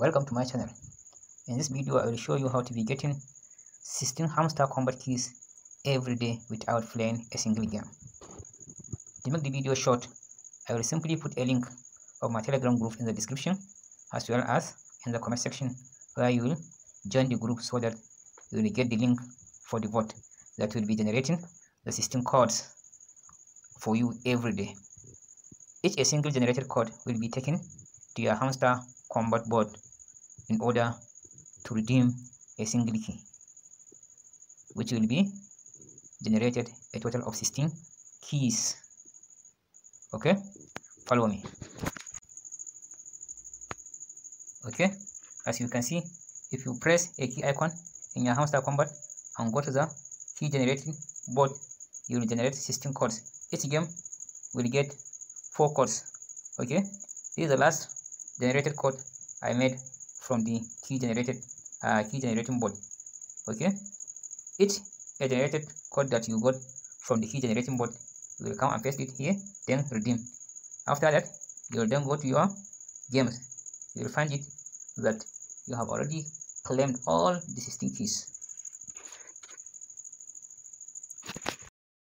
welcome to my channel in this video i will show you how to be getting 16 hamster combat keys every day without playing a single game to make the video short i will simply put a link of my telegram group in the description as well as in the comment section where you will join the group so that you will get the link for the bot that will be generating the system codes for you every day each a single generated code will be taken to your hamster combat board in order to redeem a single key which will be generated a total of 16 keys okay follow me okay as you can see if you press a key icon in your hamster combat and go to the key generating board you will generate 16 chords each game will get four chords okay this is the last generated code i made from the key generated uh, key generating board okay each a generated code that you got from the key generating board you will come and paste it here then redeem after that you will then go to your games you will find it that you have already claimed all the existing keys